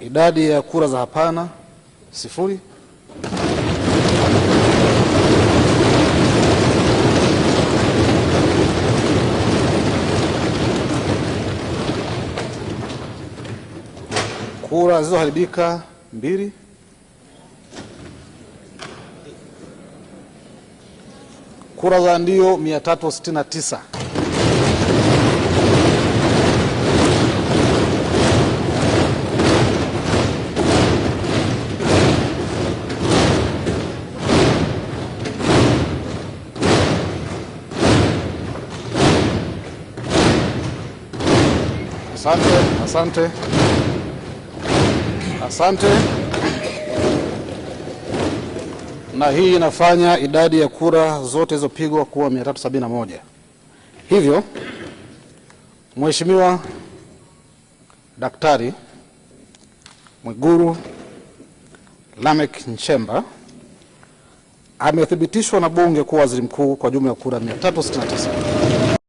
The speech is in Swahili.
Idadi ya kura za hapana sifuri. Kura zilizoharibika mbili. Kura za ndio 369. Asante, asante, asante. Na hii inafanya idadi ya kura zote zilizopigwa kuwa 371. Hivyo Mheshimiwa Daktari Mwigulu Lameck Nchemba amethibitishwa na Bunge kuwa waziri mkuu kwa jumla ya kura 369.